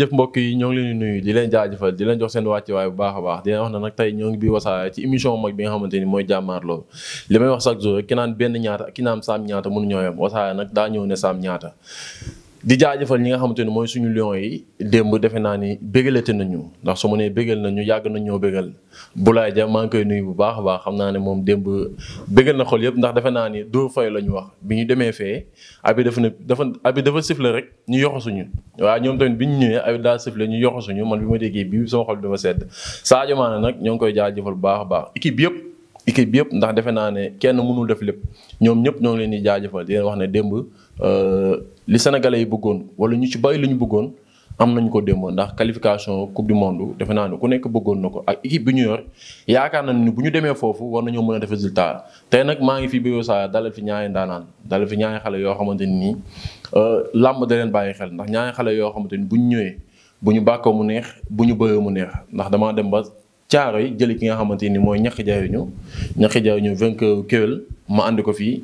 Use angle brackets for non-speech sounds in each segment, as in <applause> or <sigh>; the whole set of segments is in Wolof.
jëf mbokk yi ñoo ngi leen di nuyu di leen jaajëfal di leen jox seen wàccuwaay bu baax a baax di leen wax na nag tey ñoo ngi biir Wassare ci émission mag bi nga xamante ni mooy jàmmaarloo li may wax chaque jour ki naan benn ñaata ki naan saam ñaata mënu ñoo yem Wassare nag daa ñëw ne saam ñaata di jaajëfal ñi nga xamante ni mooy suñu lion yi démb defe naa ni bégalate nañu ndax su ma nee bégal nañu yàgg nañ ñoo bégal Boulaye Dia maa ngi koy nuyu bu baax a baax xam naa ne moom démb bégal na xol yëpp ndax defe naa ni doo fay la ñu wax bi ñu demee fee abi dafa ne dafa abi dafa sifle rek ñu yoxo suñu waaw ñoom tamit bi ñu ñëwee abi daa sifle ñu yoxo suñu man bi ma déggee bii sama dafa sedd Sadio Mané nag ñoo ngi koy jaajëfal bu baax a baax équipe bi yëpp équipe yëpp ndax defe naa ne kenn mënul def lépp ñoom ñëpp ñoo leen di jaajëfal di wax ne démb Euh, li sénégalais yi bëggoon wala ñu ci bay li ñu bëggoon am nañu ko démb ndax qualification coupe du monde defe naa ne ku nekk bëggoon na ko ak équipe bi ñu yor yaakaar nañu ni bu ñu demee foofu war na ñoo mën a def résultat tey nag maa ngi fi Bébé Sa dalal fi ñaari ndaanaan dalal fi ñaari xale yoo xamante ni nii euh, làmb da leen bàyyi xel ndax ñaari xale yoo xamante ni bu ñu ñëwee bu ñu bàkkoo mu neex bu ñu bëree mu neex ndax damaa dem ba caaro yi jëli ki nga xamante ni mooy ñaxi jariñu ñaxi jariñu vainqueur Kewel ma àndi ko fii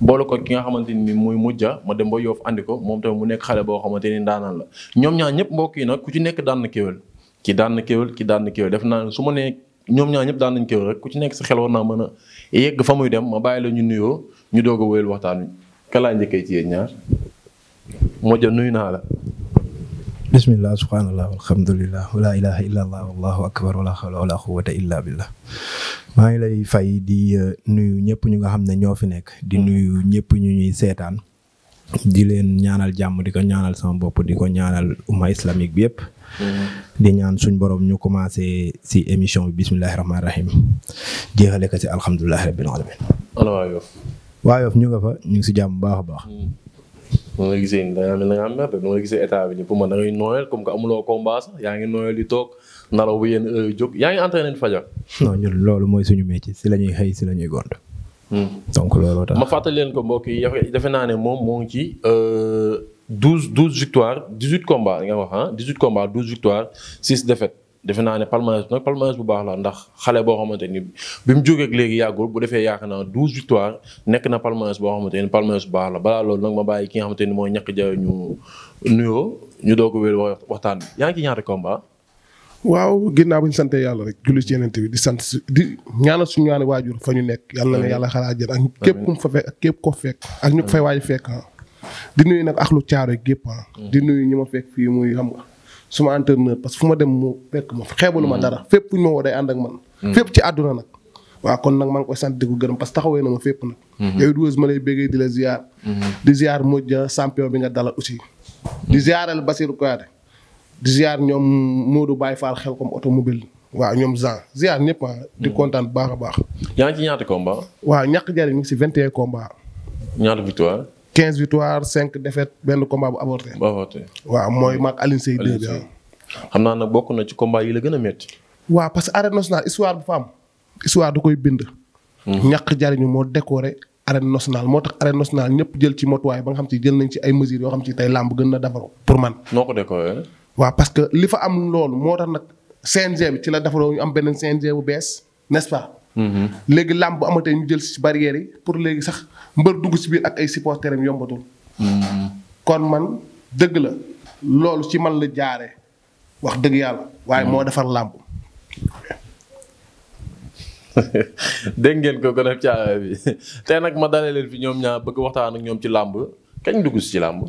boole ko ki nga xamante ni muy mujja ma dem ba yoof andi ko moom tamit mu nekk xale boo xamante ni ndaanaan la ñoom ñaar ñëpp mbokk yi nag ku ci nekk daan na kéwél ki daan na kéwél ki daan na kéwél def naa su ma nee ñoom ñaar ñëpp daan nañ kéwél rek ku ci nekk sa xel war naa mën a yegg fa muy dem ma bàyyi la ñu nuyoo ñu doog a wéyal waxtaan wi kalaa njëkkee ci yéen ñaar mujja nuyu naa la bismillah subhanallah alhamdulilah wala ilaha illa allah wallahu akbar wala hawla wala quwwata illa billah maa ngi lay fay di euh, nuyu ñëpp ñu nga xam ne ñoo fi nekk di mm. nuyu ñëpp ñu ñuy seetaan di leen ñaanal jàmm di ko ñaanal sama bopp di ko ñaanal umma islamique bi yëpp mm. di ñaan suñ borom ñu commencé si émission bi bismillahi rahmaani rahim jeexale ko si alhamdulilahi rabbil alamin waaw Yoff ñu nga fa ñu si jàmm baax baax mm. nu nga gisee nii da ngaa mel da ngaa mer de nga gisee état bi nii pour man da comme que amuloo combat sax yaa ngi nooyal di toog naraw bu yenn heure yu jóg yaa ngi entraîné fajar. non loolu mooy suñu métier si la ñuy xëy si la ñuy gont. Hmm. donc looloo tax ma fàttali leen ko mbokk yi defe naa ne moom moo ngi ci euh, douze douze victoires dix huit combats nga wax ah dix huit combats douze victoires six defet defe naa ne palmarès nag bu baax la ndax xale boo xamante ni bi mu jógee léegi yàggul bu defee yaakaar naa douze victoire nekk na palmarès boo xamante ni palmarès bu baax la balaa loolu nag ma bàyyi ki nga xamante ni mooy ñàkk jaay ñu nuyoo ñu doog a waxtaan bi yaa ngi ci ñaari combat waaw ginnaaw bu ñu sante yàlla rek julli ci yeneen bi di sant di ñaanal suñu ñaani waajur fa ñu nekk yàlla na yàlla xalaat jël ak képp képp ko fekk ak ñu fay waaj fekk ah. di nuyu nag axlu caaro gépp ah. di nuyu ñi ma fekk fii muy xam suma entraîneur parce que fu ma dem mu fekk ma xeebalu ma mm. dara fépp fu ñu ma woo day ànd ak man. Mm. fépp ci àdduna nag. waa kon nag man ngi koy sant di ko gërëm parce que taxawee na ma fépp nag. Mm-hmm. yooyu duwees ma lay béggee di la ziar. Mm-hmm. di ziar Modja champion bi nga dalal aussi. di mm-hmm. ziaral Basirou Kouyaté di ziar ñoom Modou Baye Fall xel comme automobile waaw ñoom Jean ziar ñëpp ah, di kontaan bu baax a baax. yaa ngi ci ñaata combat. waa ñàkk jariñ mi ngi si 21 combat. ñaata victoire. quinze victoires cinq défaites benn combat bu avorté. bu avorté waaw mooy maag Alioune Seye xam naa nag bokk na ci combat yi la gën a métti. waaw parce que arène nationale histoire bu fa am histoire du koy bind. Hmm. ñàkk jariñu moo décoré arène nationale moo tax arène nationale ñëpp jël ci motuwaay ba nga xam ci jël nañ ci ay mesures yoo xam ci tey làmb gën na defaru pour man. noo ko décoré. parce que li fa am loolu moo tax nag CNG bi ci la defaroo ñu am beneen CNG bu bees nest Mm-hmm. léegi làmb amatee ñu jël si barrières yi pour léegi sax mbër dugg si biir ak ay supporters am yombatul. Mm-hmm. kon man dëgg la loolu ci man la jaare wax dëgg yàlla. waaye mm-hmm. moo defar làmb. <laughs> dégg ngeen ko def caa bi <laughs> tey nag ma dalee leen fi ñoom ñaa bëgg waxtaan ak ñoom ci làmb kañ dugg si ci làmb.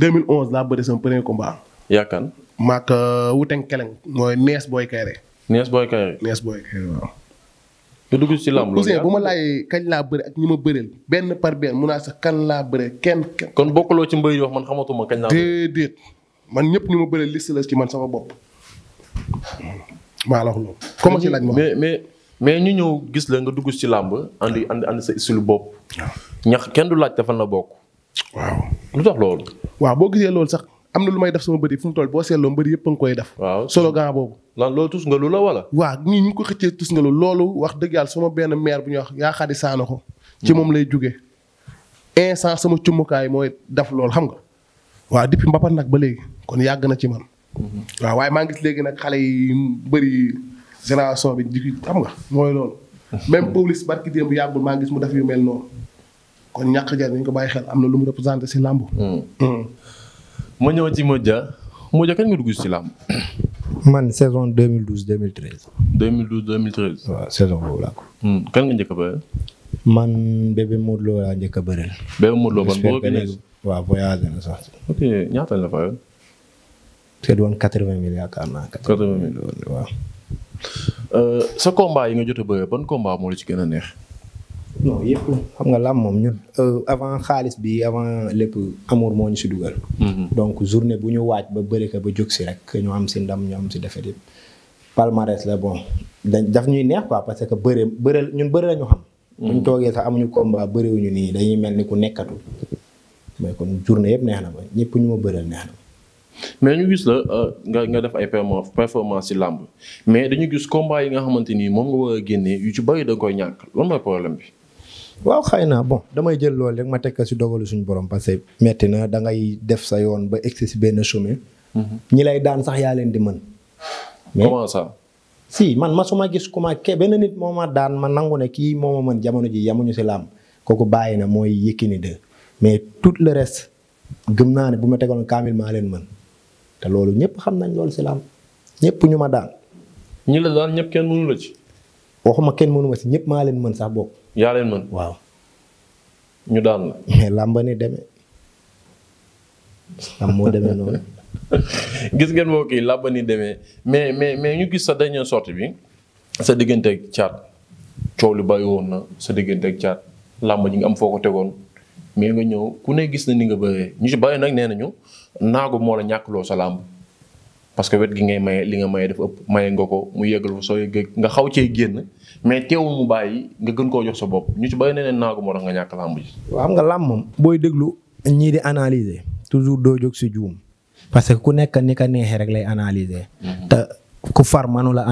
2011 laa bëri sama premier combat. yaakaar. maak euh, Wuteng Keleng mooy Nees Boy Kayre. Nees booy Kayre. Nees booy Kayre waaw. nga duggu ci làmb loolu bu ma laajee kañ laa bëri ak ñi ma bëreel benn par benn mun naa sax kan laa bëree kenn kenn. kon bokkuloo ci mbay wax man xamatuma kañ laa déedéet man ñëpp ñu ma bëreel liste la ci man sama bopp. maa la wax loolu. laaj ma mais mais mais ñu ñëw gis la dugg ci làmb andi andi andi sa istilu bopp. ñax kenn du laaj fan na bokk. waaw lu tax loolu. waaw boo gisee loolu sax am na lu may def sama bëri fu mu toll boo seetloo mbëri yëpp a nga koy def. waaw slogan boobu. lan loolu tus nga lu la wala. waa nii ñu ko xëccee tus nga lu loolu wax dëgg suma benn maire bu ñu wax yaa xadi saana ko. ci hmm. moom lay jóge instant sama cumbukaay mooy def loolu xam nga. waaw depuis mbapat nag ba léegi kon yàgg na ci man. Hmm. waaw waaye maa ngi gis léegi nag xale yi bëri génération bi di xam nga mooy loolu. Hmm. même police barki démb yàggul maa ngi mu def yu mel noonu. kon ñàkk jar nañu ko bàyyi xel am na lu mu représenté si làmb. moo ñëw ci Modou Dia Modou Dia kañ nga dugg si làmb. man saison 2012 2013. 2012 2013. waaw saison boobu laa ko. Hmm, kan nga njëkk a man bébé Modou Lo laa njëkk a bëreel. bébé Modou Lo ban boo ko waaw voyagé na sax. ok mille yaakaar naa. 80 mille waaw. Euh, sa combat yi nga jot a bëree ban combat moo la ci gën a neex. non yëpp xam nga làmb moom ñun euh, avant xaalis bi avant lépp amour moo ñu si dugal. Mm-hmm. donc journée bu ñu waaj ba bëri ko ba jóg si rek ñu am si ndam ñu am si defee yëpp. palmarès la bon dañ daf ñuy neex quoi parce que bëre bëre ñun bëre la ñu xam. Mm-hmm. bu ñu toogee sax amuñu combat bëriwuñu nii dañuy mel ni ku nekkatu mais kon journée yëpp neex na ma ñëpp ñu ma bëreel neex na. mais ñu gis la euh, nga nga def ay performance ci làmb mais dañu gis combat yi nga xamante ni moom nga war a génnee yu ci bëri da koy ñàkk loolu mooy problème bi. waaw xëy naa bo damay jël loolu rek ma teg ko si dogalu suñu borom parce que metti na da ngay def sa yoon ba egsi si benn chemin. Mhm. ñi lay daan sax yaa leen di mën. comment ça. si man ma su ma gis ku ma ke benn nit moo ma daan ma nangu ne kii moo ma mën jamono ji yamuñu si laam kooku bàyyi na mooy Yékini de mais tout le reste gëm naa ne bu ma tegoon kaamil maa leen mën te loolu ñëpp xam nañ lool si laam ñëpp ñu ma daan. ñi la daan ñëpp kenn mënu ci. waxuma kenn mënu si ñëpp maa leen mën sax bokk. yaa leen mën waaw. ñu daan la. mais <laughs> làmba ni demee. am moo demee noonu. <laughs> gis ngeen mbokk yi làmba ni demee mais mais mais ñu gis sa dernière sortie bi sa diggante ak caat coow li bàyyi woon na sa diggante ak caat làmb ji nga am foo ko tegoon mais nga ñëw ku ne gis na ni nga bëree ñu ci bàyyi nag nee nañu naagu moo la ñàkkloo sa làmb parce que wet gi ngay maye li nga maye dafa ëpp maye nga ko mu yeggal fa soo yeggee nga xaw cee génn mais teewul mu bàyyi nga gën koo jox sa bopp ñu ci bàyyi ne ne naagu moo tax nga ñàkk nga làmb moom. booy déglu ñii di analyser toujours doo jóg si juum parce que ku nekk ni ka neexee rek lay analyser. Mhm. ku far mënu la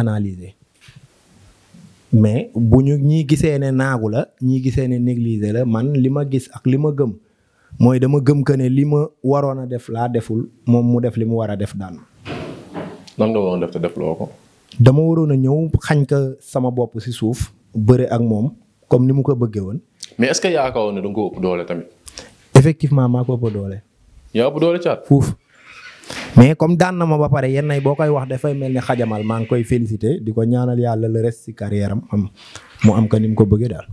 mais bu ñu ñii gisee ne naagu la ñii gisee ne négligé la man li ma gis ak li ma gëm mooy dama gëm que ne li ma waroon a def laa deful moom mu def li mu war a def daan. nan nga waroon def ko. dama waroon a ñëw xañ ka sama bopp si suuf bëre ak moom comme ni mu ko bëggee woon. mais est ce que yaakaaroon ne da nga ko doole tamit. effectivement maa ko doole. yaa ëpp doole caat fuuf. mais comme daan na ma ba pare yenn nay boo koy wax dafay mel ni xajamal maa ngi koy félicité di ko ñaanal yàlla la reste si carrière am mu am ko ni mu ko bëggee daal.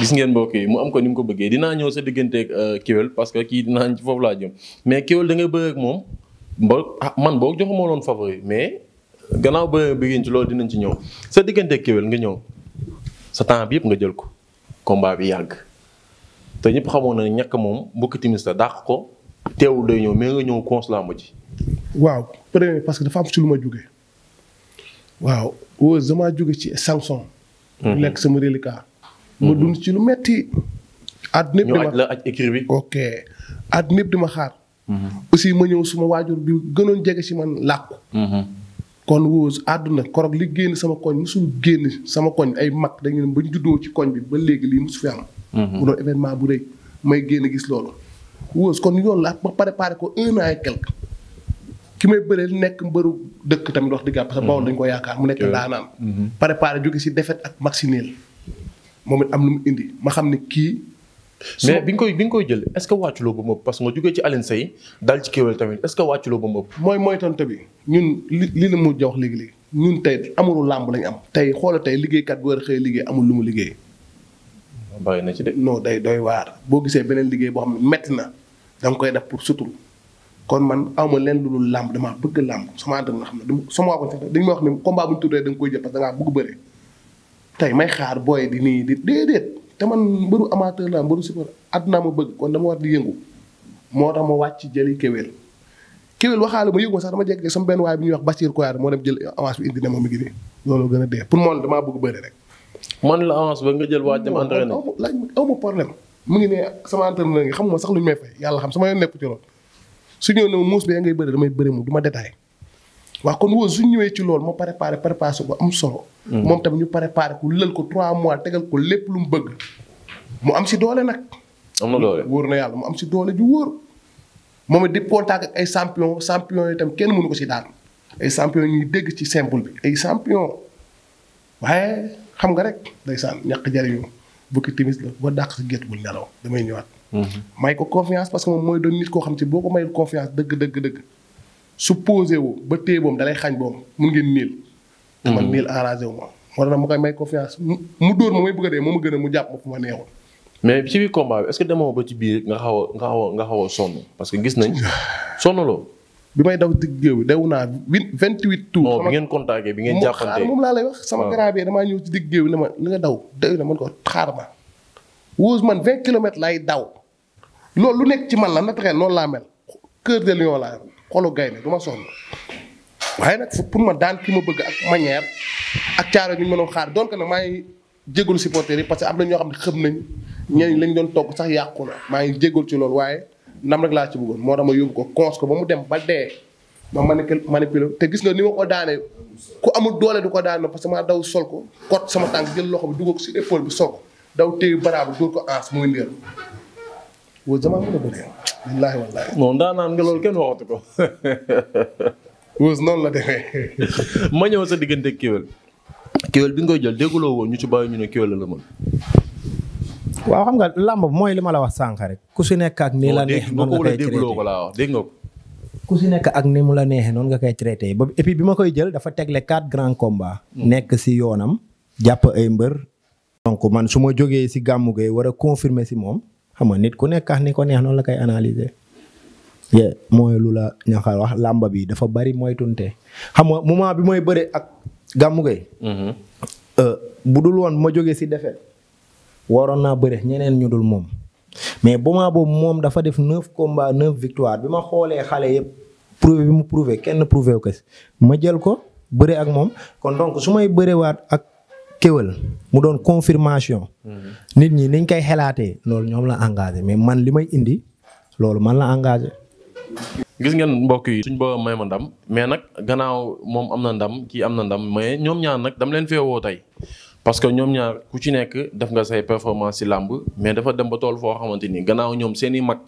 gis ngeen mbokk mu am ko ni mu ko bëggee dinaa ñëw sa digganteeg euh, Kewel parce que kii dinaa foofu laa jëm mais Kewel da nga ak moom ba ah, man boo joxuma woon favori mais gannaaw ba bi ngeen ci loolu dinañ ci ñëw sa diggante kéwél nga ñëw sa temps yëpp nga jël ko combat bi yàgg te ñëpp xamoon na ñàkk moom mbokki timis la dàq ko teewul day ñëw mais nga ñëw consulat ma ji. waaw premier parce que dafa am ci lu ma jóge waaw wóos damaa jóge ci sanction. lekk mhm. sama reliquat. ma mhm. dund ci lu metti àdd yëpp di ma aj la aj écrit bi. ok àdduna yëpp di ma xaar. aussi ma ñëw suma waajur bi gënoon jege si man làkku kon wóos àdduna korog li génn sama koñ musul génn sama koñ ay mag dañu ne ba ñu juddoo ci koñ bi ba léegi lii musu fi am mhm. mu doon événement bu rëy may génn gis loolu wóos kon yoon la ak ko un ay et ki may bëreel nekk mbëru dëkk tamit wax dëgg parce que Bawol mhm. dañu ko yaakaar mu nekk daanaan mhm. préparé jóge si defet ak mag maxineel moom it am lu mu indi ma xam ne kii mais bi nga koy bi nga koy jël est-ce que wàcculoo ba mu ëpp parce que nga jógee ci Alioune Seye daal ci kéwél tamit est-ce que wàcculoo ba mu mooy moytante bi ñun li li la mu jox léegi léegi ñun tey amuru làmb lañu am. tey xoola tey liggéeykat bu war a xëy liggéey amul lu mu liggéey. bàyyi na ci de. non day doy waar boo gisee beneen liggéey boo xam ne métti na da nga koy def pour sutur kon man awma leen lu dul làmb damaa bëgg làmb sama ànd nga xam ne sama waa ko sax dañ ma wax ne combat bu ñu tuddee da nga koy jël parce que da ngaa bëgg bëre tey may xaar booy di nii te man mbëru amateur la mbëru super àdduna ma bëgg kon dama war di yëngu moo tax ma wàcc jëli kéwél kéwél waxaale ma yëngu sax dama jékki sama benn waay bi ñuy wax Bachir Koyar moo dem jël avance bi indi ne ma mi ngi nii loolu gën a dee pour moom damaa bëgg bëri rek. man la avance ba nga jël waaj dem entraîné. laaj aw ma problème mu ngi ne sama entraîneur ngi xam ma sax lu ñu may fay yàlla xam sama yoon nekk ci loolu su ñëw ne muus bee bëri damay bëri ma détaillé waaw kon woo su ñëwee ci loolu moo préparé préparation bu am solo. Mm. moom tam ñu préparé ko lël ko trois mois tegal ko lépp lu mu bëgg. mu am si doole nag. am na doole na yàlla mu am si doole ju wóor. moom it di contact ay champion champion yi tam kenn mënu ko si daan ay champion ñuy dégg ci simple bi ay champion waaye xam nga rek ndeysaan ñàkk jariñu bukki timis la ba dàq si gétt bul nelaw damay ñëwaat. Mm-hmm. may ko confiance parce que moom mooy doon boo ko mayul confiance dëgg dëgg dëgg. su posé wu ba téye boobu dalay xañ boobu mun ngeen niil. te mhm. man niil arrangé wu ma. moo na ma koy may confiance mu dóor ma may bëgg a dee moom ma gën a mu jàpp ma fu ma neexoon. mais ci biir bi est-ce ba ci biir nga xaw a nga nga xaw a parce que gis nañ <sighs> sonnaloo. bi may daw digg géew bi daw naa vingt huit tours. non ngeen contacté bi ngeen jàppante moom laa lay wax. sama ah. garab yi damaa ñëw ci ma li nga daw doy na ko xaar ma. wóos man vingt kilomètres lay daw. loolu lu nekk ci man la naturel noonu laa mel. kër de lion laa xolu gaynde du ma sonn waaye nag pour ma daan ki ma bëgg ak manière ak caaro ñu mënoon xaar donc nag maa ngi jégalu supporters yi parce que am na ñoo xam ne xam nañ ñeneen lañ doon togg sax yàqu na maa ngi jégalu ci loolu waaye ndam rek laa ci bëggoon moo tax ma ko cons ko ba mu dem ba dee ma manipulé te gis nga ni ma ko daanee ku amul doole du ko daane parce que maa daw sol ko kot sama tànk jël loxo bi dugg ko si épaule bi sol ko daw téye baraab dóor ko ans muy ndéer wóor a bëree. billaahi loolu kenn <laughs> noonu la demee. <laughs> ma ñëw sa diggante kéwél. bi nga koy jël dégguloo woon ñu ci bàyyi ñu ne kéwél la waaw xam nga làmb mooy li ma la wax sànq rek. ku si nekk ak nii la neex noonu nga koy traité ku si nekk ak ni mu la neexee noonu nga koy traité ba et bi ma koy jël dafa tegle quatre grands combats. Hmm. nekk si yoonam. jàpp ay mbër. donc man su ma jógee si gàmmu gay war a confirmer si moom. xam nga nit ku nekk ni ko neex noonu la koy analyser. mooy lu la ñaxal wax làmba bi dafa bari moytunte xam nga moment bi mooy bëre ak Gamou Gueye. Mm-hmm. Euh, bu dul woon ma jógee si defet waroon naa bëre ñeneen ñu dul moom. mais bu moment boobu moom dafa def neuf combats neuf victoire bi ma xoolee xale yëpp prouvé bi mu prouvé kenn prouvé wu ko si ma jël ko bëre ak moom kon donc su may bërewaat ak kéwél mu doon confirmation. Mm-hmm. nit ñi niñ koy xelaatee loolu ñoom la engagé mais man li may indi loolu man la engagé. gis ngeen mbokk yi suñ boroom may ma ndam mais nag gannaaw moom am na ndam kii am na ndam mais ñoom ñaar nag dama leen fee woo tey parce que ñoom ñaar ku ci nekk def nga say performance ci làmb mais dafa dem ba tool foo xamante ni gannaaw ñoom seen i mag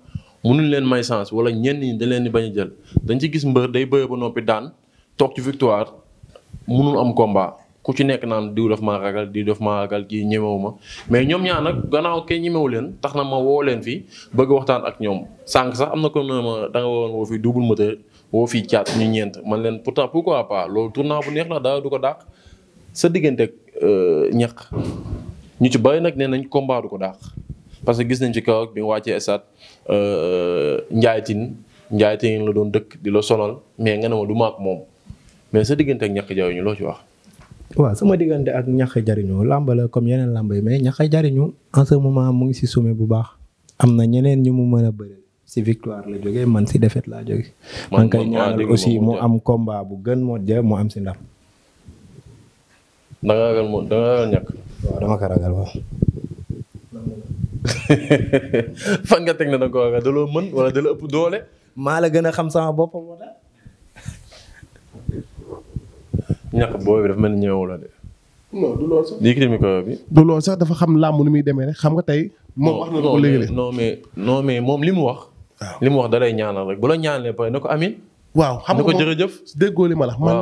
mënuñ leen may chance wala ñenn ñi da leen di bañ a jël dañ ci gis mbër day bëre ba noppi daan toog ci victoire mënul am combat. ku ci nekk naan diw daf maa ragal diw daf maa ragal kii ñemewu mais ñoom ñaar nag gannaaw kay ñemewu leen tax na ma woo leen fii bëgg waxtaan ak ñoom sànq sax am na ko ne ma da nga waroon fii double moteur woo fii caat ñu ñeent man leen pourtant pourquoi pas loolu tournant bu du ko dàq sa diggante ak euh, ñaq ñu ci bari nag nee nañ combat ko dàq parce que gis nañ ci kaw ak bi nga wàccee stade euh, njaaytin njaaytin la doon dëkk di la sonal mais nga ne ma du maak moom mais sa diggante ak ñaq jaw ñu loo ci wax waaw sama diggante ak ñax jariñu làmb comme yeneen làmba yi mais ñax jariñu en ce moment mu ngi si sommet bu baax am na ñeneen ñi mu mën a bëri si victoire la jógee man si défaite laa jóge man aussi mu am combat bu gën moo jë mu am si ndam. da nga ko ragal waaw. <laughs> fan nga teg na mën wala da ëpp doole. maa la gën a xam sama bopp moo ñàkk booy bi dafa mel ni ñëwul la de. non du loolu sax dafa xam làmb ni muy demee rek xam nga tey. moom wax na ko léegi non mais moom li mu wax. waaw li mu wax da lay ñaanal rek bu la ñaanalee pare na ko amin waaw xam nga ko jërëjëf déggoo li ma la man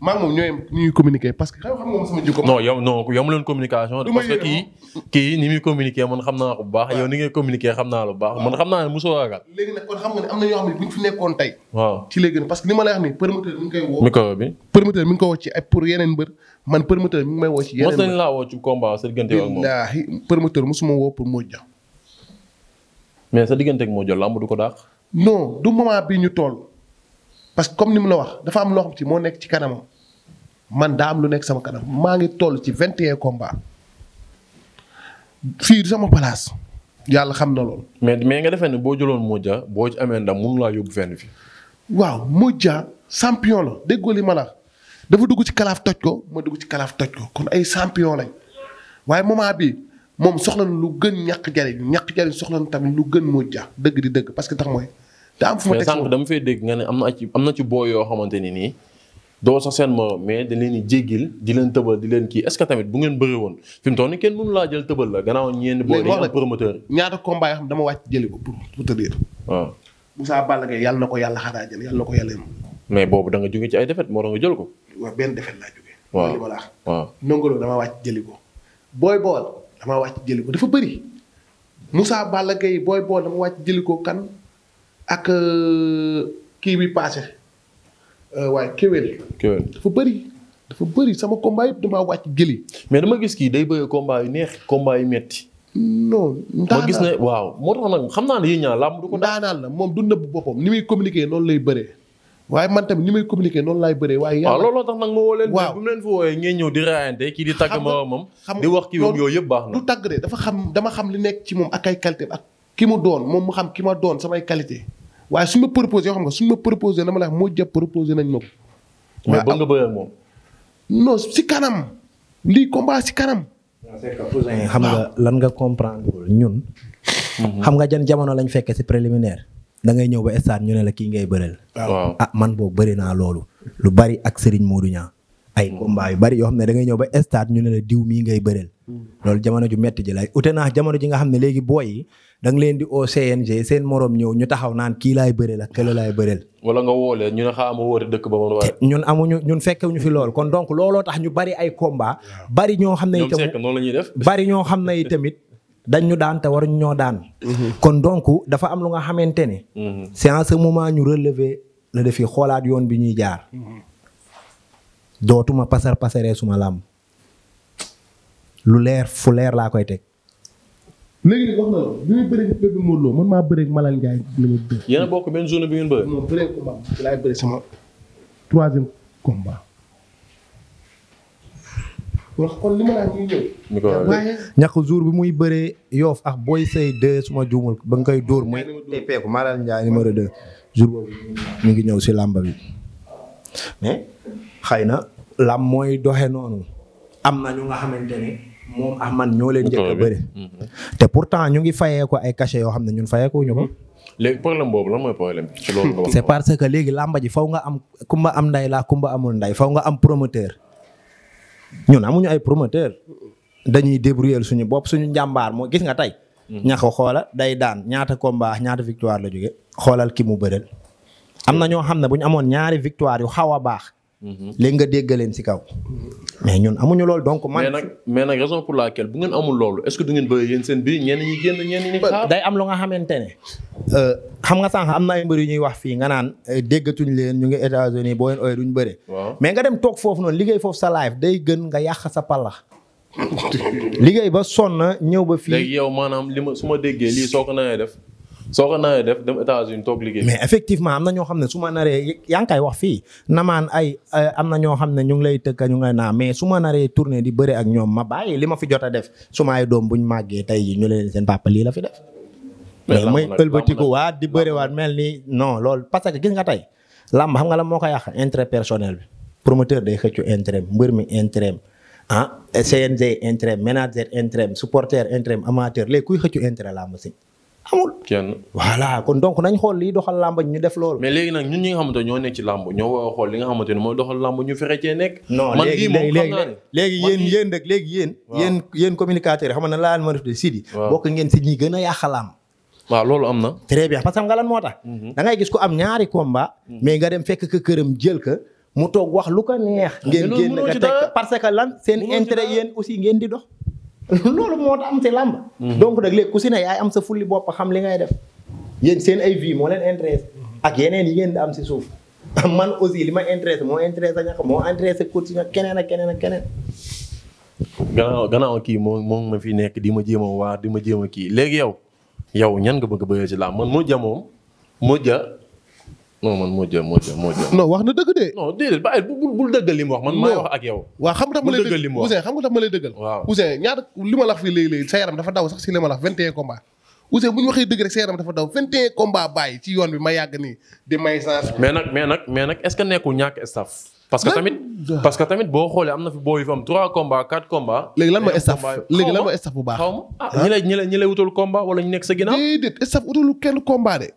maa ñoo moom ñooy ñuy communiquer parce que xam yow non yow mu leen communication. parce que kii kii ni muy communiquer man xam naa bu baax. yow ni ngay xam naa lu baax. man xam naa ne mosoo ragal. am na ñoo xam ne bu ñu fi nekkoon tey. waaw parce que ni ma lay wax nii promoteur mi ngi koy woo. micro bi ngi koy woo ci ay pour yeneen mbër man promoteur mi ngi may woo ci yeneen. mos nañ laa woo ci combat sa diggante ak moom. wallaahi mais sa diggante ak moo jox lamb du ko daax. non du moment bi ñu tool parce que comme ni mu la wax dafa am loo xam ci moo nekk ci kanamam man daa am lu nekk sama kanam maa ngi toll ci 21 combats fii du sama place yàlla xam na loolu. mais mais nga defee ne boo jëloon Modja boo ci amee ndam mënu laa yóbbu fenn fii waaw Modja champion la déggoo li ma la dafa dugg ci kalaaf toj ko ma dugg ci kalaaf toj ko kon ay champion lañ waaye moment bi moom soxla na lu gën ñàkk jariñ ñàkk jariñ soxla na tamit lu gën Modja dëgg di dëgg parce que tax daa am fu ma teg sànq dama fay dégg nga ne am na ci am yoo xamante ni nii doo sax seen morom mais dañ leen di jéggil di leen tëbal di leen kii est ce tamit bu ngeen bëri woon fi mu kenn mënu laa jël tëbal la gannaaw ñeenti. boo yi am promoteur ñaata combat yoo ko pour pour te dire. waaw Moussa Balla Gaye ko yàlla xaraa jël na ko yàlla mais boobu da nga jóge ci ay defet moo da nga jël ko. waaw benn defet laa jóge. waaw li ma la dama wàcc jëli ko. booy bool dama wàcc jëli dafa bëri Moussa Balla Gaye booy bool dama wàcc jëli ko kan ak euh, kii bi paase euh, waaye kéwél. kéwél dafa bëri. dafa bëri sama combat yëpp damaa wàcc géli. mais dama gis kii day bëgg combat yu neex combat yu metti non gis ne waaw moo tax naa ne yéen ñaar làmb du ko. ndaanaan la moom du nëbb boppam ni muy communiquer noonu lay bëree. waaye man tamit ni may communiquer noonu laay bëree waaye. waaw looloo tax nag ma woo leen. waaw bu mu leen fa wooyee ngeen ñëw di raayante kii di tàgg ma moom. di wax kii moom yooyu yëpp baax na. du tàgg de dafa xam dama xam li nekk ci moom ak ay qualité ak ki mu doon moom mu xam ki ma doon samay qualité waaye suñu ma proposé yoo xam nga suñu ma proposé dama la wax moo jàpp proposé nañ ma ko. mais bëgg nga bëgg ak moom. non si kanam lii combat si kanam. xam nga lan nga comprendre ñun. Mhm. xam nga jan jamono lañ fekkee si préliminaire. da ngay ñëw ba stade ñu ne la kii ngay bëreel. waaw ah man boobu bëri naa loolu. lu bari ak Serigne Modou Niang ay mhm. combat yu bari yoo xam ne da ñëw ba stade ñu ne diw mii ngay bëreel. Mhm. loolu jamono ju metti ji lay ute naa jamono ji nga xam ne léegi booy da leen di au CNG seen moroom ñëw ñu taxaw naan kii laay bëreel ak kële laay bëreel. wala nga woo ñu ne xaaral ma woote dëkk ba moom ñun amuñu ñun fekkewuñu fi lool kon donc looloo tax ñu bari ay komba bari ñoo xam ne itam noonu la ñuy def. bari ñoo xam ne tamit dañ daan te waruñu ñoo daan. Mhm. kon donc dafa am lu nga xamante ne. Mhm. c'est en ce moment ñu relever la défi xoolaat yoon bi ñuy jaar. Mhm. dootuma pasar pasaree suma làmb lu leer fu leer laa koy teg. léegi nag wax na la bi maa bëreeg ma naan ñuy ñëw. ñu bi muy bëree yoof ak booy say deux suma juumul koy dóor mooy. éppeeku Malal Ndiaye numéro 2. jour boobu ñu ngi ñëw si làmba bi mais na làmb mooy doxe noonu. am na ñu nga xam ne. moom ak man ñoo leen njëkk a bëri mhm. te pourtant ñu ngi fayee ay cachet yoo xam ne ñun fayee ñu ko mhm. léegi problème boobu mooy problème ci loolu c'est parce que léegi làmba ji faw nga am kumba am nday laa kumba amul nday faw nga am promoteur ñun amuñu ay promoteur dañuy débrouiller suñu bopp suñu njàmbaar moo gis nga tey mhm. ñax ko xoola day daan ñaata combat ñaata victoire la jóge xoolal ki mu bëreel am na ñoo xam ne bu amoon ñaari victoire yu xaw a baax Mhm. léegi nga dégg leen si kaw. mais ñun amuñu loolu donc. man mais nag mais nag raison pour laquelle bu ngeen amul loolu est-ce que du ngeen bëri yéen seen biir ñenn ñi génn ñenn ñi. day am lu nga xamante ne. Euh, xam nga sànq am na ay mbër yu ñuy wax fii nga naan euh, déggatuñ leen ñu ngi États-Unis boo leen ooyee duñ bëre. mais nga dem toog foofu noonu liggéey foofu sa live day gën nga yàq sa palla. liggéey ba sonn ñëw ba fii. yow maanaam li ma su ma déggee lii soo ko nawee def. soo ko naree def mais effectivement am na ñoo xam ne su ma naree yaa ngi koy wax fii namaan ay eh, am na ñoo xam ne ñu ngi lay tëkka ñu nga naa mais su ma naree tournée di bëre ak ñoom ma bàyyi li ma fi jot a def su ma ay doom bu ñu màggee tey ñu leen seen papa lii la fi def. mais muy ëlbatiku waat di bëriwaat mel ni non lool parce que gis nga tey làmb xam nga la moo ko yàq intérêt personnel bi promoteur day xëccu intérêt mbër mi intérêt ah CNG intérêt manager intérêt supporter intre amateur léegi kuy xëccu intérêt làmb si amul kenn voilà kon donc nañ xool lii doxal làmb ñu def loolu mais léegi nag ñun ñi nga xamante ñoo nekk ci làmb ñoo war a xool li nga xamante ne mooy doxal làmb ñu fexe cee nekk non man léegi léegi léegi yéen yéen rek léegi yéen yéen yéen communicateurs yi xam a tuddee Sidi bokk ngeen si ñi gën a yàq làmb waaw loolu am na très bien parce que xam nga lan moo tax mhm. da ngay gis ko am ñaari combat mhm. mais nga dem fekk ka këram jël ka mu toog wax lu ko neex ah, ngeen génn nga teg parce que lan seen intérêt yéen aussi ngeen di dox <laughs> loolu moo tax am si làmb mhm. donc dag léegi ku si ne yaay am sa fulli bopp xam li ngay def yéen seen ay vie moo leen intéressé mhm. ak yeneen yi ngeen am si suuf <laughs> man aussi li ma intéressé moo intéressé ñax moo intéressé coach nga keneen ak keneen ak keneen gannaaw gannaaw kii moo moom ma fi nekk di ma jéem a waar di ma jéem a kii léegi yow yow ñan nga bëgg a bëgg ci man moo ja moom moo ja non man moo jëm moo jëm moo jëm. non wax na dëgg de. non déedéet ba bu bul dëggal li wax man. maa wax ak yow. waaw xam nga tax ma lay dëggal Ousseyn xam nga tax ma lay dëggal. waaw Ousseyn ñaata li ma yoon bi ma yàgg nii di may sens. mais nag mais nag mais nag est-ce que nekkul ñàkk staff. parce que tamit parce xoolee am na fi boo yu baax. xaw ma ah, ñu nekk sa ginnaaw. déedéet staff wutalul kenn combat de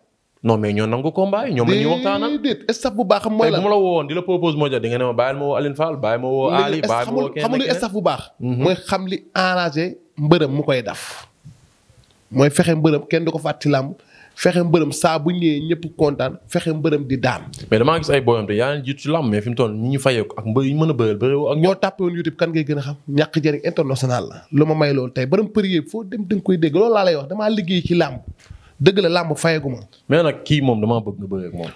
non mais ñoo nangu combat yi ñoo la ñuy waxtaanal déedéet bu baax xam mooy la bu ma la woon di la propose moo jox di nga ne ma bàyyil ma woo Aline Fall bàyyil ma woo Ali bàyyil ma bu baax mhm. mooy xam li arrangé mbërëm mu koy daf mooy fexe mbërëm kenn du ko fàtti làmb fexe mbërëm saa bu ñëwee ñëpp kontaan fexe mbërëm di daan mais damaa gis ay booyam te yaa ngi jiitu ci làmb mais fi mu toll ñu fayee ko ak mbër yi mën a bëreel bëreewoo ak ñoo tàppee woon YouTube kan ngay gën a xam ñàkk jëriñ international la lu ma may loolu tey bërëm përie foo dem da koy dégg laa lay wax damaa liggéey ci làmb dëgg la làmb fayagu ma. mais nag kii moom damaa bëgg nga bëree ak moom.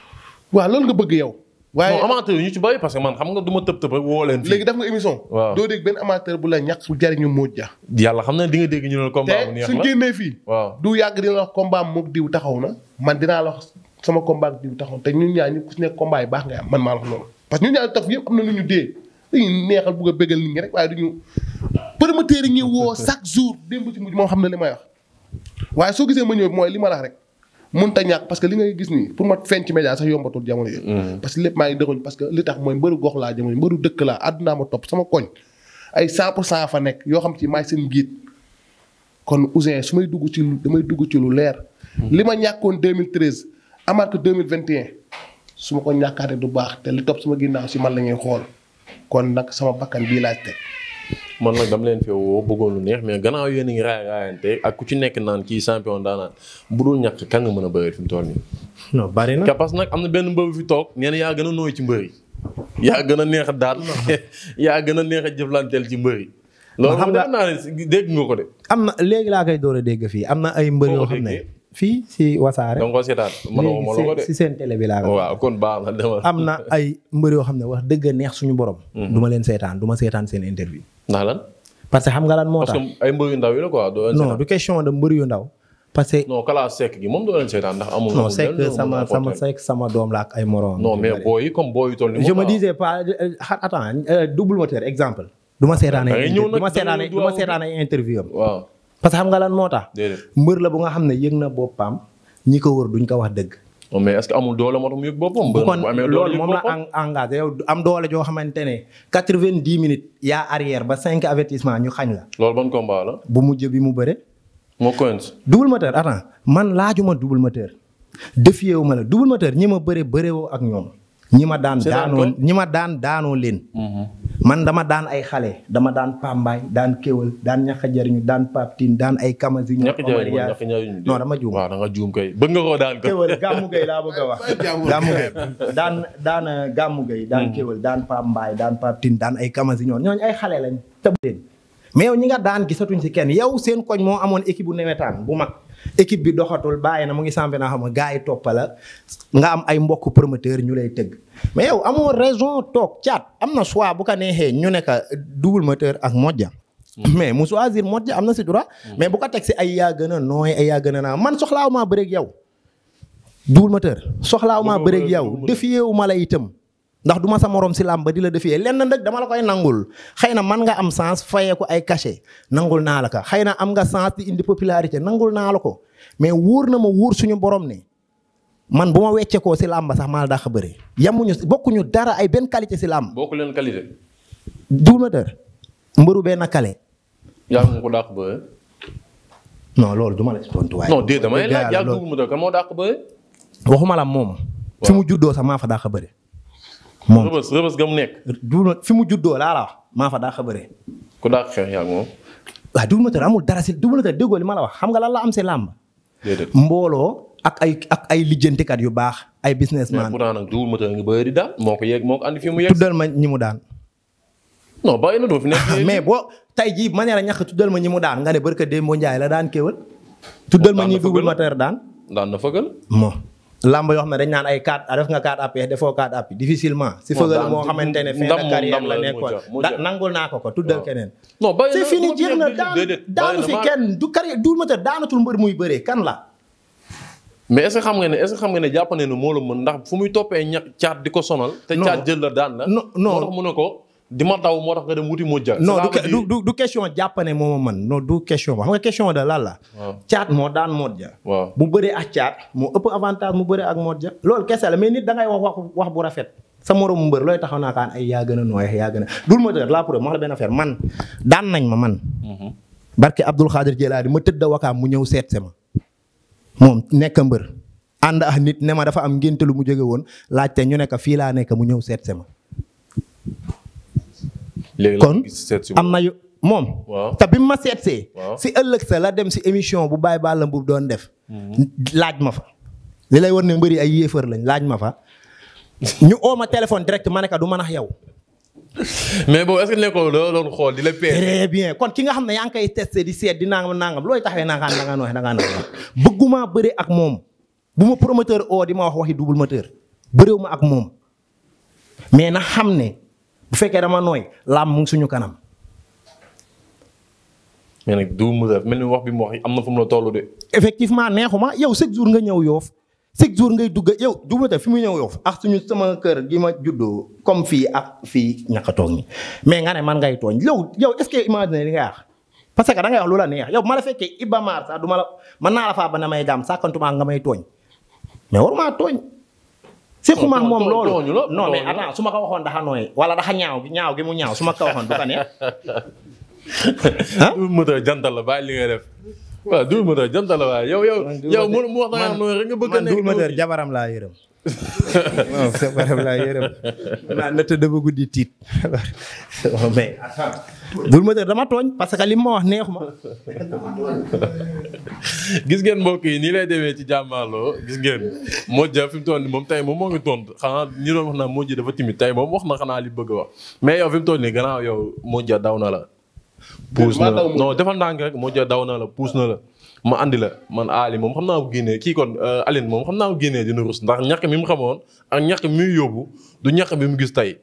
waaw loolu nga bëgg yow. waaye amateur yi ñu ci bëri parce que man xam nga du ma tëb tëb rek woo leen. léegi def nga émission. waaw doo dégg benn amateur bu la ñàkk bu jariñu moo ja. yàlla xam na di nga dégg ñu ne combat bu neex la te suñ génnee fii. waaw du yàgg dina la diw taxaw na. man dinaa la wax sama combat diw taxaw te ñun ñaa ñu ku si nekk combat yi baax nga am man maa la loolu. parce que ñun ñaa taf yëpp am na lu ñu dee a bégal nit ñi rek waaye du ñu yi ñuy woo chaque jour démb ci xam na li may wax waaye soo gisee ma ñëw mooy li ma la rek mun ta ñàkk parce que li ngay gis nii pour ma feeñ ci média sax yombatul jamono yi. Mm. parce que lépp maa ngi dëkkuñ parce que li tax mooy laa jamono mbëru dëkk la àddunaa ma topp sama koñ ay 100 saa fa nekk yoo xam ci maay seen giit kon Ouzin su may dugg ci damay dugg ci lu leer. Mm. li ma ñàkkoon deux mil 2013 amaat ko 2021 su ma ko ñàkkaatee du baax te li topp sama ginnaaw si man la ñuy xool kon nag sama bakkan bii laaj teg. man nag dama leen fi woo bëggoon lu neex mais gannaaw yéen ngi raay raayante ak ku ci nekk naan kii champion daanaan bu dul ñàkk kan nga mën a bëri fi mu toll nii. non bari na parce que am na benn mbër fi toog nee na yaa gën a nooy ci mbër yi. yaa gën a neex a daal <laughs> yaa gën a neex a jëflanteel ci mbër yi. loolu xam naa ne dégg nga ko de. am na léegi laa koy door a dégg fii am na ay mbër yoo xam ne fii si wasaare. donc seetaat léegi si seen télé bi laa ko. waaw kon baax na am na ay mbër yoo xam ne wax dëgg neex suñu borom. Mhm. du ma leen seetaan duma seetaan seen interview ndax lan. parce que xam nga lan moo tax ay mbër yu ndaw yi la quoi. question de mbër yu ndaw. parce que non moom doo leen seetaan ndax amul. non sekk sama ak ay moroom. non comme booy yu toll nii. je me disais pas euh, attends euh, double moteur ma seetaan ay du ma seetaan ay du ma seetaan ay interview am. moo tax. mbër la bu nga xam ne yëg na boppam ñi ko wër duñ ko wax dëgg. Oh, mais est-ce amul doole moo tax mu yëg boppam. bu kon loolu moom la engagé yow am doole joo xamante ne quatre-vingt-dix minutes yaa arrière ba cinq avertissement ñu xañ la. loolu ban combat la. bu mujj bi mu bëre. moo coince. double moteur attends man laajuma double moteur défié wu ma la double moteur ñi ma bëre bëre ak ñoom. ñi ma daan daanoo ñi ma daan daanoo leen. Mhm. man dama daan ay xale dama daan pambaay daan kéwal daan ñaxa jariñu daan paptin daan ay kamas yu ñu non dama juum waaw da nga juum daan ko kéwal laa bëgg a wax gàmmu <laughs> gay daan daan euh, gàmmu gay daan hmm. kéwal daan daan paptin daan ay kamas yu ay xale lañ tëb leen mais ñi nga daan gisatuñ si kenn yow seen koñ moo amoon équipe bu newetaan bu mag équipe bi doxatul bàyyi na mu ngi sàmpi naa xam nga gars yi toppa nga am ay mbokk promoteur ñu lay tëgg mais yow amoo raison toog caat am na soit bu ko neexee ñu ne ka double moteur ak Modja. Mm. mais mu choisir Modja am na si droit. Mm. mais bu ko teg si ay yaa gën a nooy ay yaa gën naa man soxlaawu maa bëreeg yow. double moteur soxlaawu maa bëreeg yow defiyeewu ma la itam. ndax du ma sa moroom si làmb ba di la defee lenn nag dama la koy nangul xëy na man nga am chance fayee ko ay cachet nangul naa la ko xëy na am nga chance di indi popularité nangul naa la ko mais wóor na ma wóor suñu borom ne man bu ma wecce si làmb sax maa la dàq bëri yamuñu bokkuñu dara ay benn qualité si làmb. bokku leen qualité. duuna dër mbëru benn kale. yaa ngi ko loolu du la ci tontu waaye. non moo dàq bëre. waxuma la moom. fi mu juddoo sax maa fa dàq bëri. moom rëbës rëbës ga mu nekk. duul fi mu juddoo laa la wax maa fa daa xabaree. ku daa xeex yaa moom. waaw Double Moteur amul dara si Double Moteur déggoo li ma la wax xam nga lan la am si làmb. mbooloo ak ay ay lijjantikat yu baax ay businessman. mais pourtant nag Double Moteur nga bëri daal moo ko yegg moo ko andi fi mu yegg. tuddal ma ñi mu daan. non bàyyi na <laughs> mais boo tey jii manière ñàkk tuddal ma ñi mu daan nga ne barka Demba Ndiaye la daan kéwal. tuddal ma ñi Double Moteur daan. daan na fëgal. làmb yoo xam ne dañ naan ay 4 def nga 4 appels defoo 4 appels difficilement. si fëgal moo xamante ne fin de carrière la nekkoon nangul naa ko ko tuddal keneen. non ba c'est fini jeex na daanu fi kenn du carrière du ma daanatul mbër muy bëree kan la. mais est xam nga ne est-ce xam nga ne jàpp ne moo la mën ndax fu muy toppee ñax caat di ko sonal. te caat jël la daan la. non non moo tax mu ne ko. di ma daw moo tax nga dem wuti moo ja. non du question jàpp moom moo ma mën non du question ba xam nga question da lan la. caat moo daan moot ja. waaw bu bëree ak caat moo ëpp avantage mu bëree ak moot ja. loolu kese la mais nit da ngay wax wax bu rafet. sa moromu mbër looy taxaw naa kaan ay yaa gën a nooy yaa gën a dul ma dëgg la pour man daan nañ ma man. Mhm. barke Abdul Xaadir Jilaani ma tëdd wakaam mu ñëw seet ma moom nekk mbër. ànd ak nit ne ma dafa am ngénte lu mu jóge woon laajte ñu ne fii laa nekk mu ñëw seet ma kon am na yu moom. te bi ma seetsee. si ëllëg sa la dem si émission bu Baye la Mbuub doon def. laaj ma fa. li lay war ne mbëri ay yéefar lañ laaj ma fa. ñu oo ma téléphone direct ma nekka du ma nax yow. mais boobu est-ce que nekkul loo doon xool di la pee. kon ki nga xam ne yaa ngi koy testé di seet di nangam nangam looy taxawee nangaan nangaan wax nangaan wax bëgguma bëre ak moom bu ma promoteur oo di ma wax waxi double moteur bëreew ma ak moom mais na xam ne. bu fekkee dama nooy laam mu suñu kanam. mais nag Double mel ni wax bi mu wax am na fu mu la toll de. effectivement neexuma yow chaque jour nga ñëw yoof chaque jour ngay dugg yow Double Moteur fi mu ñëw yoof ak suñu sama kër gi ma juddoo comme fii ak fii ñaqatoog mais nga ne man ngay tooñ yow yow est-ce que imagine li nga wax parce que da ngay wax lu la neex yow bu ma la fekkee Iba sax du la mën naa faa ba na may daam sàkkantuma nga may tooñ mais waruma tooñ. sequma moom loolu non mais attends su ma ko waxoon daxa nooy wala daxa ñaaw gi ñaaw gi mu ñaaw su ma a waxoon du ko neex ah duul moteur jantal la bàyyi li nga def waaw duul la waaye yow yow jabaram laa yërëm <laughs> jabaram laa yërëm <laughs> naa netta dafa guddi tiit <laughs> oh, mais bul ma dama tooñ parce que li ma wax neexu ma. gis ngeen mbokk yi nii lay demee ci jàmbaaloo gis ngeen Modja fi mu toll nii moom tey moom moo ngi tontu xanaa ñi doon wax naa Modja dafa timide moom wax na xanaa li bëgg wax mais yow fi mu toll nii gannaaw yow Modja daw na la. puus na la non defal ndànk rek Modja daw na la puus na la. ma andi la man Ali moom xam naa ko génnee kii kon euh, Aline moom xam naa ko génnee dina rus ndax ñàkk mi mu xamoon ak ñàkk mi mu yóbbu du ñàkk bi mu gis tey.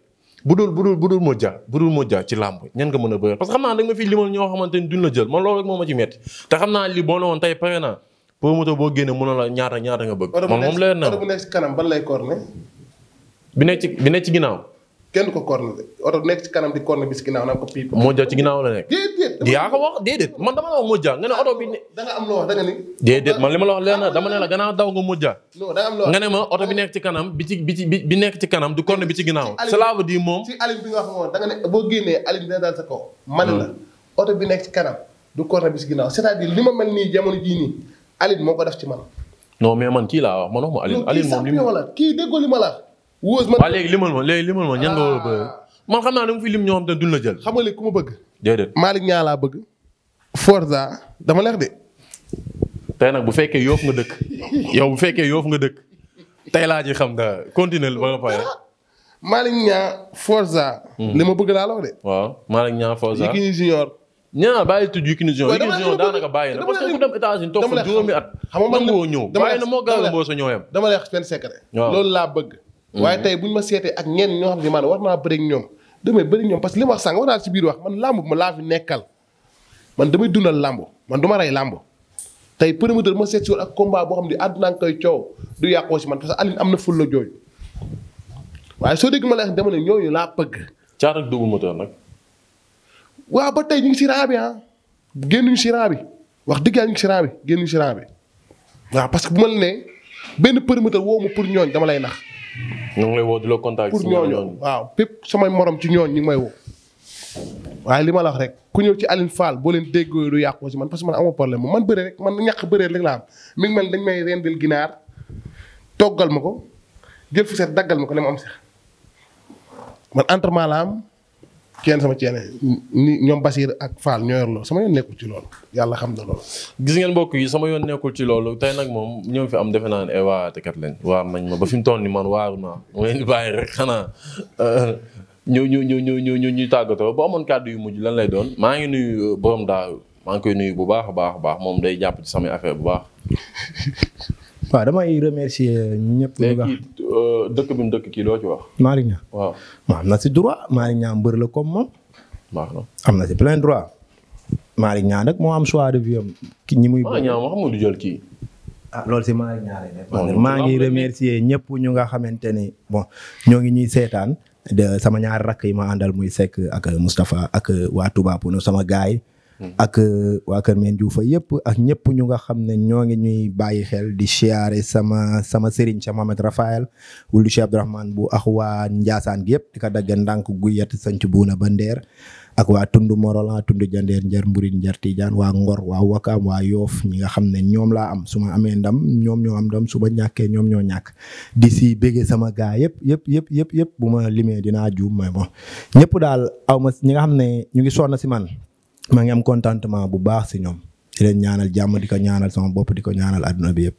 bu dul bu dul bu dul moo ja bu dul moo ja ci làmb ñan nga mën a bëri parce que xam naa da nga fi limal ñoo xamante ni duñ la jël man loolu rek moo ma ci metti te xam naa li boo ne woon tey pare naa promoteur boo génne mën na la ñaata ñaata bu nekk ci kanam ban lay corne. bi nekk ci bi nekk ci ginnaaw. kenn ko corne de oto nekk ci kanam di bi ci ginnaaw naan ko piip. Modja ci ginnaaw la nekk. déedéet yaa ko wax déedéet man dama ne oto bi. da am loo wax da nga ni. déedéet man dama ne la gannaaw da nga am loo wax nga ne ma oto bi nekk ci kanam bi ci bi ci bi nekk ci kanam moom. ci alim bi nga wax moom da nga ne boo bi dina daal sa kaw. man la oto bi nekk ci kanam du corne bi ci ginnaaw c'est-à-dire li ma mel nii jamono jii nii alim moo ko def ci man. non mais man kii laa wax man wax ma alim. alim moom li mu kii wóos man waaw léegi limal ma léegi limal ma ñan nga war a bëri man xam naa dama fi lim ñoo xam te duñ la jël. xam nga léegi ku ma bëgg. déedéet Malick Niang laa bëgg. Forza dama leex de. tey nag bu fekkee yoof nga dëkk yow bu fekkee yoof nga dëkk tey laa ji xam nga continuer ba nga pare. Malick Niang Forza. li ma bëgg laa la wax de. waaw Malick Niang Forza Yékini Junior. ñaa bàyyi tudd Yékini Junior Yékini Junior daanaka bàyyi na parce que ku dem États-Unis toog fa juróomi at. xam nga man de ñëw bàyyi na moo gaaw a mboosa ñooyam. dama lay wax benn secret. waaw loolu laa bëgg. waaye mhm. tey buñ ma seetee ak ñenn ñoo xam ne maanaam war naa bëri ak ñoom damay bëri ñoom parce que li ma wax sànq wax naa ci biir wax man laa fi nekkal man damay dundal làmb man du ma rey làmb tey ma seet si woon ak combat boo xam ne àdduna ngi koy coow du yàqoo si man parce que am na ful la jooju waaye soo dégg ma la dama ne ñooñu laa pëgg. caat ak waaw ba tey ñu ngi si raa ah. bi wax dëgg yàlla bi génnuñu si bi waaw parce que bu ma benn promoteur woo ma pour ñooñ dama lay nax ñu ngi lay woo di la contact. pour ñooñu waaw pépp samay morom ci ñooñ ñu may woo. waaye li ma la wax rek ku ñëw ci Aline Fall boo leen déggoo lu yàqoo si man parce que man amoo problème man bëre rek man ñàkk bëree rek laa am mi ngi mel dañ may rendil ginaar toggal ma ko jël fu set daggal ma ko li ma am sax man entraînement la am kenn sama ceene ni ñoom Basiir ak Fall ñoo yor loolu sama yoon nekkul ci loolu yàlla xam na loolu. gis ngeen mbokk yi sama yoon nekkul ci loolu tey nag moom ñoo fi am defe naa ne ay eh, waatekat lañ. waar nañ ma ba fi mu toll nii man waaru naa ma leen di bàyyi rek xanaa ñu ñu ñu ñu ñu ñu tàggatoo boo amoon kàddu yu mujj lan lay doon. maa ngi nuyu borom daaru maa ngi koy nuyu bu baax a baax a baax moom day jàpp ci samay affaire bu baax. <laughs> waaw damay remercier ñëpp. Euh, dëkk bi mu dëkk kii loo ci wax. Malick Niang waaw. am na si droit Malick Niang mbër la comme moom. am na si plein droit. Malick Niang nag moo am choix de vie am. ñi muy. Malick Niang moo ah, si Malick maa ngi remercier ñëpp ñu nga xamante ni bon ñoo ngi ñuy seetaan de sama ñaari rakk yi ma àndal muy Seck ak Moustapha ak waa Touba Pouno sama gaay ak euh, waa Kër Meen Juuf fa yëpp ak ñëpp ñu nga xam ne ñoo ngi ñuy bàyyi xel di siyaare sama sama sëriñ Cheikh Mohamed Rafael wulu Cheikh Abdourahmane bu ak waa Njaasaan gi yëpp di ko dagge ndànk gu yett sanc buuna ba ndeer ak waa tund Morolan tund jandeer njar mburin njar Tijaan waa Ngor waa Wakaam waa Yoof ñi nga xam ne ñoom laa am su ma amee ndam ñoom ñoo am ndam su ma ñàkkee ñoom ñoo ñàkk di si béggee sama gaa yëpp yëpp yëpp yëpp yëpp bu ma limee dinaa juum mais bon ñëpp daal aw ma ñi nga xam ne ñu ngi sonn si man maa ngi am contentement bu baax si ñoom di leen ñaanal jàmm di ko ñaanal sama bopp di ko ñaanal àdduna bi yëpp.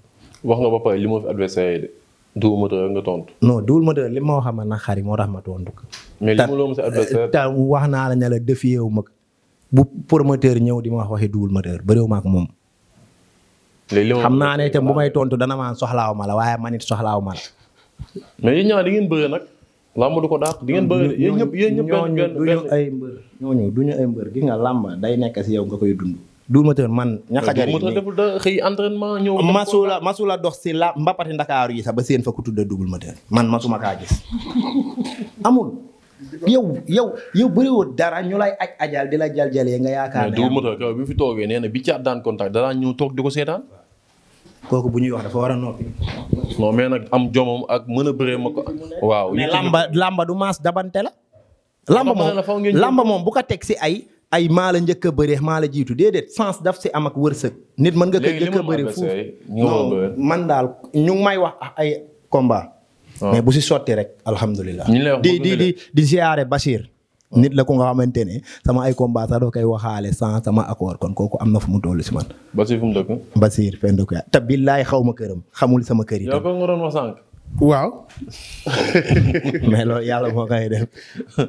wax nga ba pare li ma fi adversaire yi de Double Moteur nga tontu. non Double Moteur li ma waxoon na xari moo tax ma tontu ko. mais a adversaire ta wax naa la ne la wu ma bu promoteur ñëw di ma wax waxi Double Moteur bëriwu ma ak moom. xam naa ne itam bu may tontu dana maa soxlaaw ma la waaye man it soxlaaw ma la. mais yéen ñaar di ngeen bëre nag. làmb du ko dàq di ngeen bëri yéen ñëpp yéen ñëpp benn duñu ay mbër ñooñu duñu ay mbër gi nga làmb day nekk si yow nga koy dund duul ma man ña ma deful da xëy entraînement masula dox si la mbapati ndakaaru yi sax ba seen fa ku tudda duubul ma tën man masuma kaa gis <laughs> amul yow yow yow bëriwul dara ñu lay aj ajal di la jal jalee nga yaakaar ne duubul ma tën kaw bi fi toogee nee bi caat daan contact danaa ñëw toog di ko seetaan kooku bu ñuy wax dafa war a noppi. non mais nag am jomom ak mën a bëree ma ko. waaw làmba du maas dabante la. lamba moom lamba moom bu ko teg si ay. ay maa la njëkk a bëree maa la jiitu déedéet sens daf si am ak wërsëg. nit mën nga ko njëkk a bëree foofu man daal ñu may wax ay combat ah. mais bu si sotti rek alhamdulilah. di di di di ziare Bachir. nit la ko nga xamante ne sama ay combat sax doo koy waxaale sans sama accord kon kooku am na fu mu toll si man. Basir fu mu dëkk. Basir fenn dëkk te billaay xaw ma këram xamul sama kër yi. yow ko nga doon wax sànq. waaw. <laughs> mais loolu yàlla moo koy def. <laughs>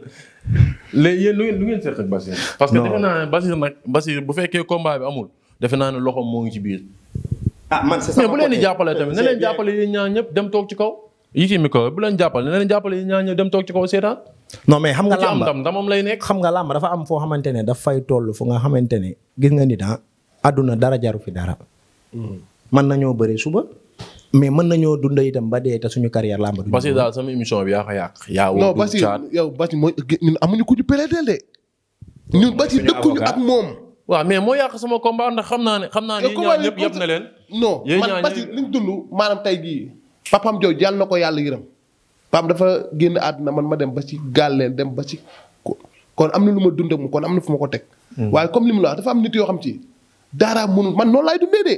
léegi yéen lu ngeen lu parce que defe naa ne bu fekkee combat bi amul defe naa ne loxoom moo ngi ci biir. ah man c'est ça bu leen di tamit na leen jàppale yéen ñaar ñëpp dem toog ci kaw. yi ci micro bu leen jàppale na jàppale yéen ñaar ñëpp dem toog ci kaw seetaan non mais xam nga am làmb moom lay nekk xam nga làmb dafa am foo xamante ne daf fay toll fu nga xamante ne gis nga nit ah àdduna dara jaru fi dara. Hmm. mën nañoo bëri suba. mais mën nañoo dund itam ba dee suñu carrière làmb du. Basi bi yaa ko yàq. yaa woo non Basi yow Basi mooy ñun amuñu ñu péréteel de. ñun Basi dëkkuñu ak moom. waaw mais moo yàq sama combat ndax xam naa ne xam naa ne ñaar ñëpp yëpp na leen. non man Basi liñ dund maanaam tey jii. papam Diop yàlla na ko yàlla yiram paam dafa génn àdduna man ma dem ba ci gaal leen dem ba ci kon am na lu ma dund ak mu kon am na fu ma ko teg. Hmm. waaye comme li mu la wax dafa am nit yoo xam ci dara mënul man noonu laay dundee de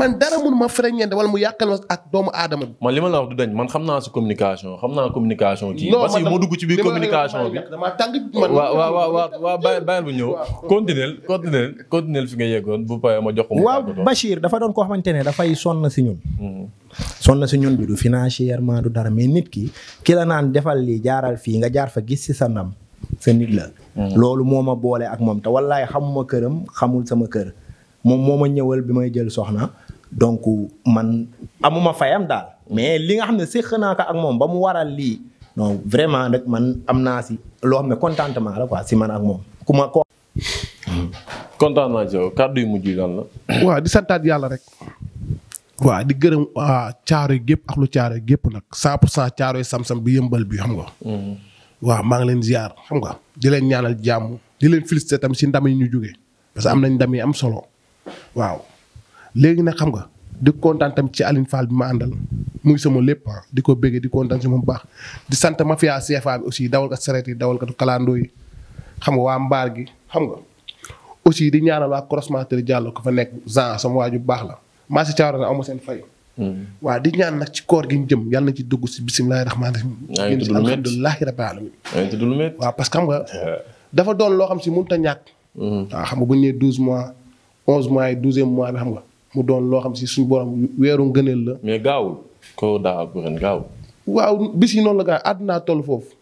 man dara mënu ma freñeente wala mu yàqal ma ak doomu aadama bi. li ma la wax du man xam naa sa communication xam naa communication. kii moo dugg ci biir communication bi. damaa tàng man waaw waaw waaw waaw bàyyil bu ñëw. continuel continuel continuel fi nga yeggoon bu pare ma jox ko. waaw Bachir dafa doon koo xamante ne dafay sonn si ñun. Hmm. sonn si ñun bi du financièrement du dara mais nit ki ki la naan defal lii jaaral fii nga jaar fa gis si sa ndam sa nit la. Mm. loolu moo ma boole ak moom te wallaay xamuma këram xamul sama kër moom moo ma ñëwal bi may jël soxna donc man amuma fayam daal mais li nga xam ne séq naa ko ak moom ba mu waral lii non vraiment rek man am naa si loo xam ne contentement la quoi si man ak moom ku ma ko. kontaan kàddu yu mujj lan la. <coughs> waaw di santaat yàlla rek. waaw di gërëm caaro yi gépp ak lu caaro yi gépp nag cent pour cent caaro yi sam bi yëmbal bi xam nga mm-hmm. waaw maa ngi leen ziar xam nga di leen jàmm di leen félicité tamit si ndam yi ñu jógee parce que am nañ ndam am solo waaw léegi nag xam nga di kontaan ci Aline Fall bi ma àndal sama lépp ah. di ko béggee di kontaan si moom baax di sant mafia CFA bi aussi dawal ko sareet yi dawal ko kalandoo yi xam waa mbaar gi xam nga aussi di ñaanal waa crossmater Diallo ko fa nekk Jean sama waaju baax la maa si caaroon aw ma seen fay. Hmm. waaw di ñaan nag ci koor gi ñu jëm yàlla na ci dugg si bisimilah rahmaani rahiim. maa ngi tudd lu métti alhamdulilah rabbil alamin. maa ngi tudd lu <laughs> doon loo xam si mënut a ñàkk. Hmm. waaw xam nga bu mois onze mois mois bi xam nga mu doon loo xam si suñu borom weeru ngëneel la. mais gaawul. koo daa ak ren gaawul. waaw bis yi noonu la gaa àddunaa toll foofu.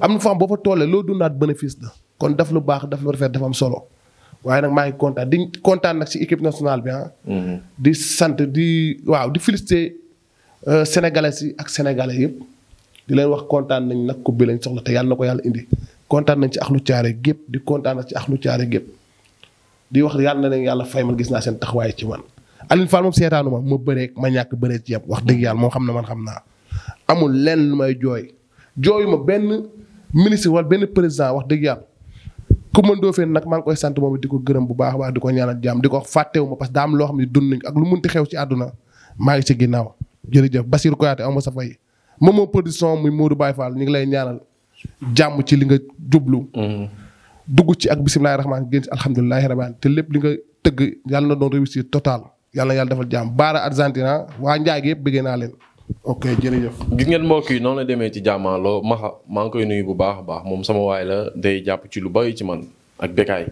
am na foo xam boo fa tollee loo dundaat bénéfice la. kon daf lu baax daf lu rafet dafa am solo. waaye nag maa ngi kontaan di kontaan nag si équipe nationale bi ah. Mhm. di sant di waaw di félicité euh, sénégalais yi ak sénégalais yëpp. di leen wax kontaan nañ nag coupe bi lañ soxla te yàlla na ko yàlla indi kontaan nañ ci axlu caare gépp di kontaan ci axlu caare gépp di wax yàlla na leen yàlla fay man gis naa seen taxawaay ci man. Alioune Fall moom seetaanu ma ma ma ñàkk bëree ci yëpp wax dëgg yàlla moo xam ne man xam naa amul leen lu may jooy jooyu ma benn ministre wala benn président wax dëgg yàlla. Coumba Ndoffène nag maa ngi koy sant moom di ko gërëm bu baax a baax di ko ñaanal jàmm di ko wax fàttewu ma parce que daa am loo xam ne dund nañ ak lu munti xew ci àdduna maa ci ginnaaw jërëjëf Basir Koyaate am ma sa fay moom moo production muy Modou Baye Fall ñu ngi lay ñaanal jàmm ci li nga jublu mm-hmm. dugg ci ak bisimilahi rahmaan génn ci alhamdulilahi rabaan te lépp li nga tëgg yàlla na doon réussir total yàlla na yàlla defal jàmm baara Argentina waa Njaay yëpp bëggee naa ok jërëjëf. gis ngeen mbokk yi noonu la demee ci Jamarloo Maxa maa ngi koy nuyu bu baax a baax moom sama waay la day jàpp ci lu bari ci man ak Bécaye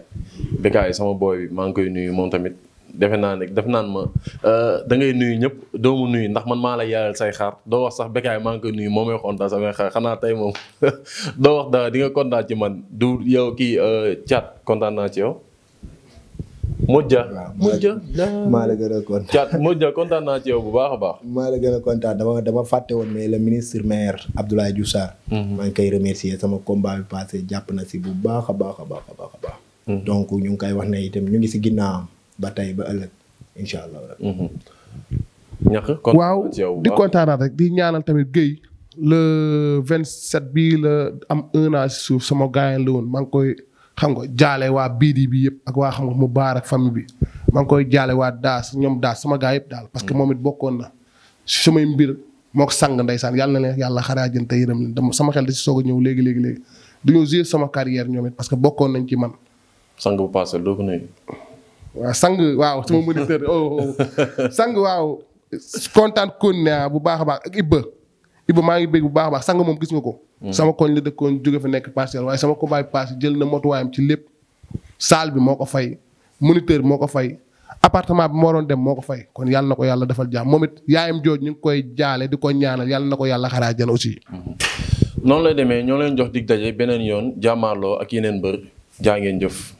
Bécaye sama booy bi maa ngi koy nuyu moom tamit defe naa ne defe naan ma euh, da ngay nuyu ñëpp doo ma nuyu ndax man maa la yaaral say xar doo wax sax Bécaye maa ngi koy nuyu moom may kontaan samay xaar xanaa tey moom <laughs> doo wax dara di nga kontaan ci man du yow kii euh, caat kontaan naa ci yow. Modja Modja maa la gën a kontaan Thiat Modja kontaan naa ci bu baax a baax. maa la gën a kontaan dama fàtte woon mais le ministre maire Abdoulaye Diouf Sarr. Mhm. maa ngi koy remercier sama combat bi passé jàpp na si bu baax a baax a baax a baax mhm. ñu ngi kay wax na itam ñu ngi si ginnaawam ba tey ba ëllëg incha allah. Mhm. ñax kontaan ci yow waaw di kontaanaat rek di ñaanal tamit Guèye. le 27 bii la am un an si suuf sama gars la woon maa ngi koy. xam nga jaale waa biidi bi yëpp ak waa xam nga mu baar ak famille bi maa ngi koy jaale waa daas ñoom daas sama gaa yëpp daal. parce que moom it bokkoon na si samay mbir moo ko sàng ndeysaan yàlla na leen yàlla xaraa jënte yërëm leen sama xel da si soog ñëw léegi léegi léegi dañoo jouer sama carrière parce que bokkoon nañ ci man. sang bu paase doo ko nuyu. waaw sang waaw sama moniteur oh oh, oh. <laughs> sang waaw kontaan kon bu baax a baax ak Ibba. Iba maa ngi bég bu baax a baax sang moom gis nga ko. Hmm. sama koñ la dëkkoon jóge fa nekk parcelle waaye sama combat paase jël na motuwaayam ci lépp. saal bi moo ko fay moniteur bi moo ko fay appartement bi moo doon dem moo ko fay kon yàlla na ko yàlla defal jàmm moom it yaayam jooj ñu ngi koy jaale di ko ñaanal yàlla na ko yàlla xaraa jën aussi. Hmm. noonu lay demee ñoo leen jox dig daje beneen yoon jàmmaarloo ak yeneen mbër jaa ngeen jëf.